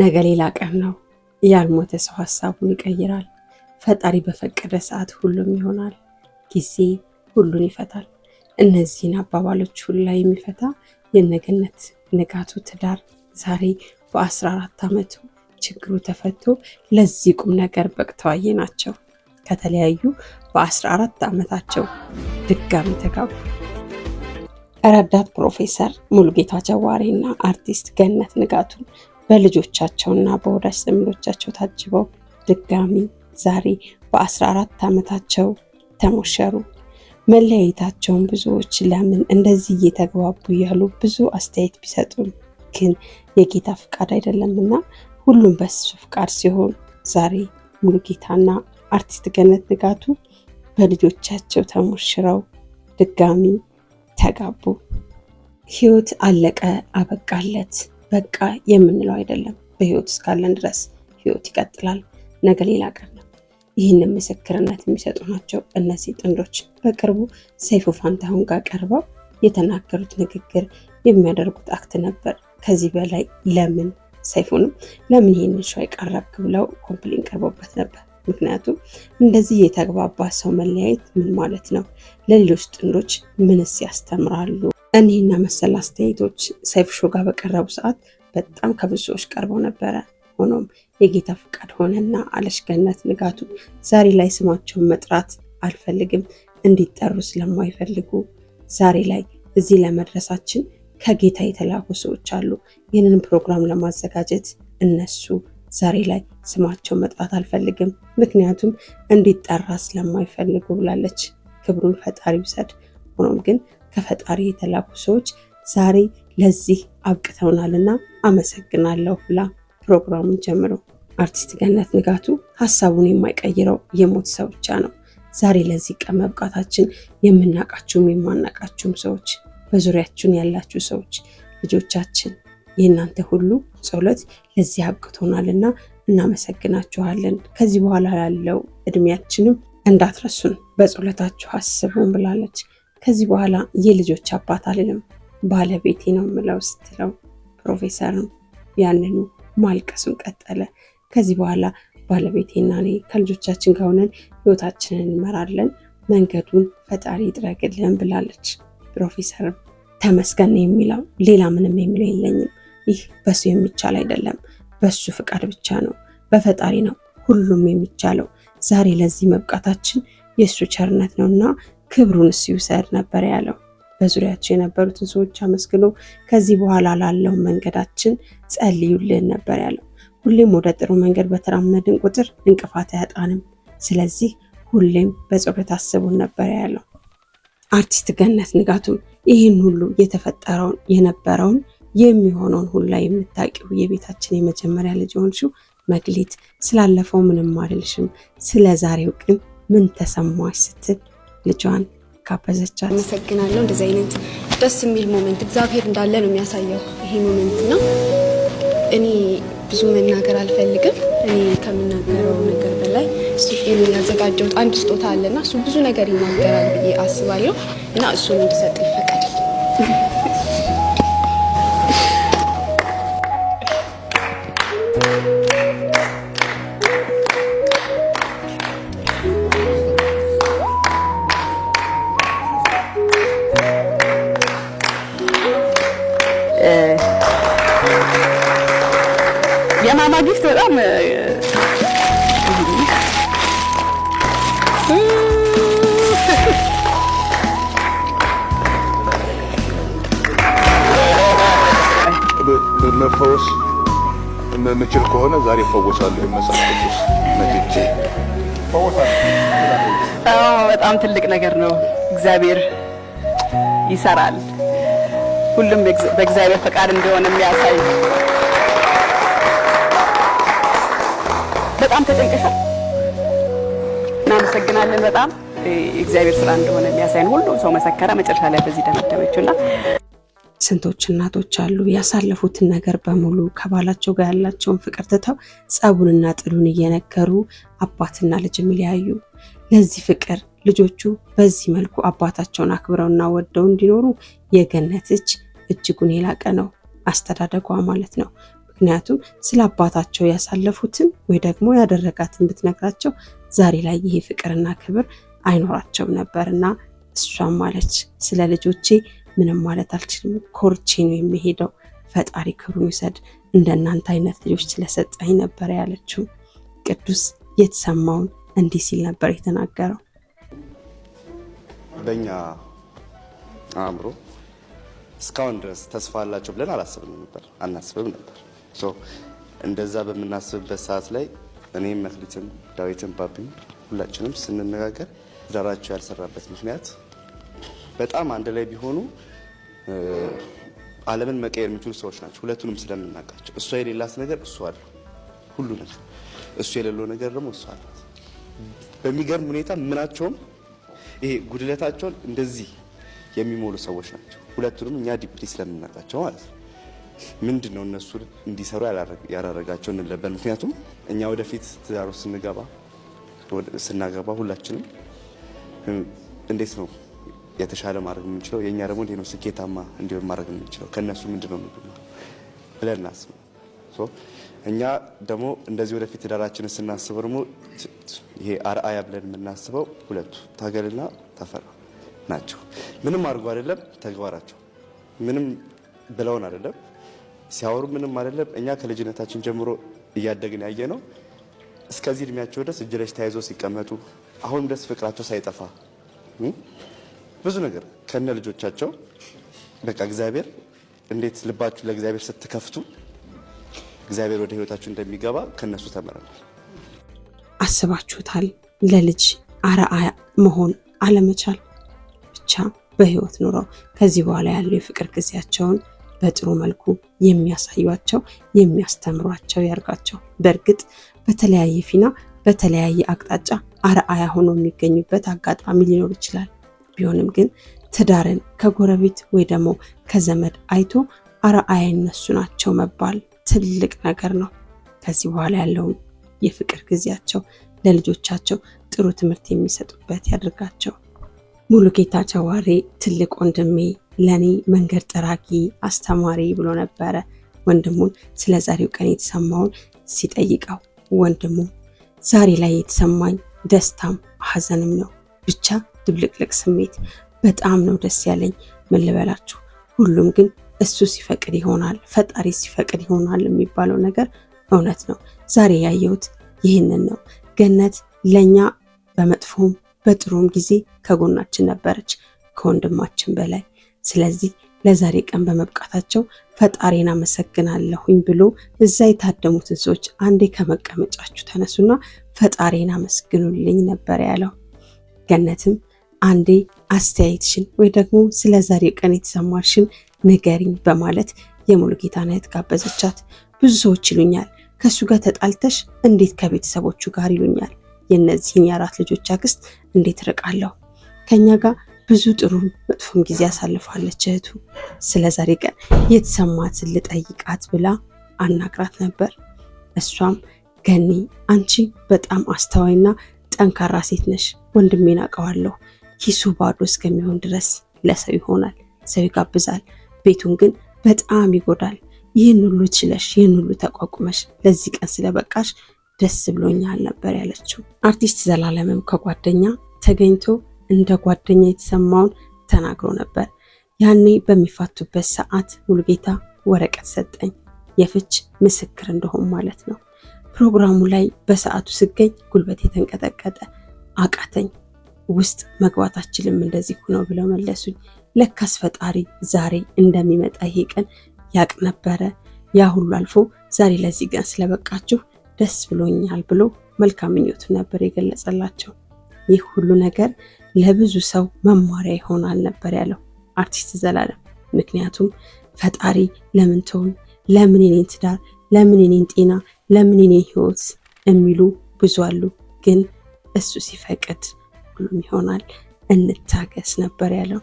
ነገ ሌላ ቀን ነው። ያልሞተ ሰው ሀሳቡን ይቀይራል። ፈጣሪ በፈቀደ ሰዓት ሁሉም ይሆናል። ጊዜ ሁሉን ይፈታል። እነዚህን አባባሎች ሁላ የሚፈታ የነገነት ንጋቱ ትዳር ዛሬ በ14 ዓመቱ ችግሩ ተፈቶ ለዚህ ቁም ነገር በቅተዋየ ናቸው። ከተለያዩ በ14 ዓመታቸው ድጋሚ ተጋቡ። ረዳት ፕሮፌሰር ሙሉጌታ ጀዋሬ እና አርቲስት ገነት ንጋቱን በልጆቻቸውና በወዳጅ ዘመዶቻቸው ታጅበው ድጋሚ ዛሬ በአስራ አራት ዓመታቸው ተሞሸሩ። መለያየታቸውን ብዙዎች ለምን እንደዚህ እየተግባቡ እያሉ ብዙ አስተያየት ቢሰጡም ግን የጌታ ፍቃድ አይደለምና ሁሉም በሱ ፍቃድ ሲሆን ዛሬ ጌታና አርቲስት ገነት ንጋቱ በልጆቻቸው ተሞሽረው ድጋሚ ተጋቡ። ህይወት አለቀ አበቃለት። በቃ የምንለው አይደለም። በህይወት እስካለን ድረስ ህይወት ይቀጥላል። ነገ ሌላ ቀን ነው። ይህንን ምስክርነት የሚሰጡ ናቸው እነዚህ ጥንዶች። በቅርቡ ሰይፉ ፋንታሁን ጋር ቀርበው የተናገሩት ንግግር፣ የሚያደርጉት አክት ነበር። ከዚህ በላይ ለምን ሰይፉንም ለምን ይህን ሸ ይቀረብክ ብለው ኮምፕሊን ቀርቦበት ነበር። ምክንያቱም እንደዚህ የተግባባ ሰው መለያየት ምን ማለት ነው? ለሌሎች ጥንዶች ምንስ ያስተምራሉ? እኒህና መሰል አስተያየቶች ሰይፉ ሾው ጋር በቀረቡ ሰዓት በጣም ከብዙ ሰዎች ቀርበው ነበረ። ሆኖም የጌታ ፈቃድ ሆነና አለሽ ገነት ንጋቱ ዛሬ ላይ ስማቸውን መጥራት አልፈልግም እንዲጠሩ ስለማይፈልጉ ዛሬ ላይ እዚህ ለመድረሳችን ከጌታ የተላኩ ሰዎች አሉ። ይህንን ፕሮግራም ለማዘጋጀት እነሱ ዛሬ ላይ ስማቸውን መጥራት አልፈልግም፣ ምክንያቱም እንዲጠራ ስለማይፈልጉ ብላለች። ክብሩን ፈጣሪ ውሰድ። ሆኖም ግን ከፈጣሪ ሰዎች ዛሬ ለዚህ አብቅተውናልና አመሰግናለሁ ብላ ፕሮግራሙን ጀምሮ አርቲስት ገነት ንጋቱ ሀሳቡን የማይቀይረው የሞት ሰው ብቻ ነው። ዛሬ ለዚህ ቀን መብቃታችን የምናቃችሁም የማናቃችሁም ሰዎች፣ በዙሪያችን ያላችሁ ሰዎች፣ ልጆቻችን የእናንተ ሁሉ ጸሎት ለዚህ አብቅቶናልና እናመሰግናችኋለን። ከዚህ በኋላ ላለው እድሜያችንም እንዳትረሱን በጸሎታችሁ አስቡን ብላለች። ከዚህ በኋላ የልጆች አባት አልልም ባለቤቴ ነው ምለው ስትለው ፕሮፌሰርም ያንኑ ማልቀሱን ቀጠለ። ከዚህ በኋላ ባለቤቴና እኔ ከልጆቻችን ጋር ሆነን ህይወታችንን እንመራለን፣ መንገዱን ፈጣሪ ይጥረግልን ብላለች። ፕሮፌሰርም ተመስገን የሚለው ሌላ ምንም የሚለው የለኝም። ይህ በሱ የሚቻል አይደለም፣ በሱ ፍቃድ ብቻ ነው፣ በፈጣሪ ነው ሁሉም የሚቻለው። ዛሬ ለዚህ መብቃታችን የእሱ ቸርነት ነው እና ክብሩን ሲውሰድ ነበር ያለው። በዙሪያቸው የነበሩትን ሰዎች አመስግኖ ከዚህ በኋላ ላለው መንገዳችን ጸልዩልን ነበር ያለው። ሁሌም ወደ ጥሩ መንገድ በተራመድን ቁጥር እንቅፋት አያጣንም። ስለዚህ ሁሌም በጸሎት አስቡን ነበር ያለው። አርቲስት ገነት ንጋቱም ይህን ሁሉ የተፈጠረውን የነበረውን የሚሆነውን ሁላ የምታውቂው የቤታችን የመጀመሪያ ልጅ የሆንሽው መግሊት ስላለፈው ምንም አልልሽም፣ ስለ ዛሬው ግን ምን ተሰማሽ ስትል ልጇን ጋበዘቻት። አመሰግናለሁ። እንደዚህ አይነት ደስ የሚል ሞመንት እግዚአብሔር እንዳለ ነው የሚያሳየው ይሄ ሞመንት ነው። እኔ ብዙ መናገር አልፈልግም። እኔ ከምናገረው ነገር በላይ እሱ ያዘጋጀሁት አንድ ስጦታ አለና እሱ ብዙ ነገር ይናገራል ብዬ አስባለሁ እና እሱን እንድሰጥ ይፈቀድልኝ። መፈወስ የምችል ከሆነ ዛሬ እፈወሳለሁ። መጽሐፍ ቅዱስ መጥቼ በጣም ትልቅ ነገር ነው። እግዚአብሔር ይሰራል። ሁሉም በእግዚአብሔር ፈቃድ እንደሆነ የሚያሳይ በጣም ተጨንቀሻል። እናመሰግናለን። በጣም እግዚአብሔር ስራ እንደሆነ የሚያሳይን ሁሉም ሰው መሰከረ። መጨረሻ ላይ በዚህ ደመደመችውና ስንቶች እናቶች አሉ ያሳለፉትን ነገር በሙሉ ከባላቸው ጋር ያላቸውን ፍቅር ትተው ጸቡንና ጥሉን እየነገሩ አባትና ልጅ የሚለያዩ። ለዚህ ፍቅር ልጆቹ በዚህ መልኩ አባታቸውን አክብረውና ወደው እንዲኖሩ የገነት እጅጉን የላቀ ነው፣ አስተዳደጓ ማለት ነው። ምክንያቱም ስለ አባታቸው ያሳለፉትን ወይ ደግሞ ያደረጋትን ብትነግራቸው ዛሬ ላይ ይሄ ፍቅርና ክብር አይኖራቸውም ነበርና እሷም ማለች ስለ ልጆቼ ምንም ማለት አልችልም። ኮርቼ ነው የሚሄደው። ፈጣሪ ክብሩን ይውሰድ እንደናንተ አይነት ልጆች ስለሰጠኝ ነበር ያለችው። ቅዱስ የተሰማውን እንዲህ ሲል ነበር የተናገረው። በኛ አእምሮ እስካሁን ድረስ ተስፋ አላቸው ብለን አላስብም ነበር አናስብም ነበር። እንደዛ በምናስብበት ሰዓት ላይ እኔም መክሊትም ዳዊትን ባብኝ ሁላችንም ስንነጋገር ትዳራቸው ያልሰራበት ምክንያት በጣም አንድ ላይ ቢሆኑ ዓለምን መቀየር የሚችሉ ሰዎች ናቸው። ሁለቱንም ስለምናውቃቸው እሷ የሌላት ነገር እሱ አለው ሁሉ ነገር፣ እሱ የሌለው ነገር ደግሞ እሱ አላት። በሚገርም ሁኔታ ምናቸውም ይሄ ጉድለታቸውን እንደዚህ የሚሞሉ ሰዎች ናቸው። ሁለቱንም እኛ ዲፕሊ ስለምናውቃቸው ማለት ነው። ምንድን ነው እነሱ እንዲሰሩ ያላረጋቸው እንለበን። ምክንያቱም እኛ ወደፊት ትዳሩ ስንገባ ስናገባ ሁላችንም እንዴት ነው የተሻለ ማድረግ የምንችለው የእኛ ደግሞ እንዴት ነው ስኬታማ እንዲሆን ማድረግ የምንችለው ከእነሱ ምንድን ነው ብለን እናስብ። እኛ ደግሞ እንደዚህ ወደፊት ትዳራችንን ስናስበው ደግሞ ይሄ አርአያ ብለን የምናስበው ሁለቱ ታገልና ተፈራ ናቸው። ምንም አድርጎ አይደለም ተግባራቸው፣ ምንም ብለውን አይደለም ሲያወሩ፣ ምንም አይደለም። እኛ ከልጅነታችን ጀምሮ እያደግን ያየ ነው። እስከዚህ እድሜያቸው ድረስ እጅ ለእጅ ተያይዞ ሲቀመጡ አሁንም ድረስ ፍቅራቸው ሳይጠፋ ብዙ ነገር ከነ ልጆቻቸው በቃ እግዚአብሔር እንዴት ልባችሁ ለእግዚአብሔር ስትከፍቱ እግዚአብሔር ወደ ህይወታችሁ እንደሚገባ ከነሱ ተምረናል። አስባችሁታል? ለልጅ አርአያ መሆን አለመቻል ብቻ በህይወት ኑረው ከዚህ በኋላ ያለው የፍቅር ጊዜያቸውን በጥሩ መልኩ የሚያሳዩቸው የሚያስተምሯቸው ያርጋቸው። በእርግጥ በተለያየ ፊና በተለያየ አቅጣጫ አርአያ ሆኖ የሚገኙበት አጋጣሚ ሊኖር ይችላል። ቢሆንም ግን ትዳርን ከጎረቤት ወይ ደግሞ ከዘመድ አይቶ አርአያ እነሱ ናቸው መባል ትልቅ ነገር ነው። ከዚህ በኋላ ያለውን የፍቅር ጊዜያቸው ለልጆቻቸው ጥሩ ትምህርት የሚሰጡበት ያድርጋቸው። ሙሉጌታ ጀዋሬ ትልቅ ወንድሜ ለእኔ መንገድ ጠራጊ አስተማሪ ብሎ ነበረ። ወንድሙን ስለ ዛሬው ቀን የተሰማውን ሲጠይቀው ወንድሙ ዛሬ ላይ የተሰማኝ ደስታም ሀዘንም ነው ብቻ ድብልቅልቅ ስሜት በጣም ነው ደስ ያለኝ። ምን ልበላችሁ፣ ሁሉም ግን እሱ ሲፈቅድ ይሆናል፣ ፈጣሪ ሲፈቅድ ይሆናል የሚባለው ነገር እውነት ነው። ዛሬ ያየሁት ይህንን ነው። ገነት ለእኛ በመጥፎም በጥሩም ጊዜ ከጎናችን ነበረች ከወንድማችን በላይ። ስለዚህ ለዛሬ ቀን በመብቃታቸው ፈጣሪን አመሰግናለሁኝ ብሎ እዛ የታደሙትን ሰዎች አንዴ ከመቀመጫችሁ ተነሱና ፈጣሪን አመስግኑልኝ ነበር ያለው ገነትም አንዴ አስተያየትሽን ወይ ደግሞ ስለ ዛሬ ቀን የተሰማሽን ንገሪኝ በማለት የሙሉጌታን እህት ጋበዘቻት። ብዙ ሰዎች ይሉኛል ከእሱ ጋር ተጣልተሽ እንዴት ከቤተሰቦቹ ጋር ይሉኛል። የእነዚህን የአራት ልጆች አክስት እንዴት ርቃለሁ። ከኛ ጋር ብዙ ጥሩ መጥፎም ጊዜ አሳልፋለች እህቱ። ስለ ዛሬ ቀን የተሰማትን ልጠይቃት ብላ አናግራት ነበር። እሷም ገኒ፣ አንቺ በጣም አስተዋይና ጠንካራ ሴት ነሽ፣ ወንድሜን አውቀዋለሁ ኪሱ ባዶ እስከሚሆን ድረስ ለሰው ይሆናል። ሰው ይጋብዛል፣ ቤቱን ግን በጣም ይጎዳል። ይህን ሁሉ ችለሽ ይህን ሁሉ ተቋቁመሽ ለዚህ ቀን ስለበቃሽ ደስ ብሎኛል ነበር ያለችው። አርቲስት ዘላለምም ከጓደኛ ተገኝቶ እንደ ጓደኛ የተሰማውን ተናግሮ ነበር። ያኔ በሚፋቱበት ሰዓት ሙሉጌታ ወረቀት ሰጠኝ፣ የፍች ምስክር እንደሆን ማለት ነው። ፕሮግራሙ ላይ በሰዓቱ ስገኝ ጉልበት የተንቀጠቀጠ አቃተኝ። ውስጥ መግባት አችልም እንደዚህ ነው ብለው መለሱኝ። ለካስ ፈጣሪ ዛሬ እንደሚመጣ ይሄ ቀን ያቅ ነበረ። ያ ሁሉ አልፎ ዛሬ ለዚህ ቀን ስለበቃችሁ ደስ ብሎኛል ብሎ መልካም ምኞቱን ነበር የገለጸላቸው። ይህ ሁሉ ነገር ለብዙ ሰው መማሪያ ይሆናል ነበር ያለው አርቲስት ዘላለም። ምክንያቱም ፈጣሪ ለምን ተውን፣ ለምን የኔን ትዳር፣ ለምን የኔን ጤና፣ ለምን የኔን ህይወት የሚሉ ብዙ አሉ። ግን እሱ ሲፈቅድ ሁሉም ይሆናል እንታገስ ነበር ያለው።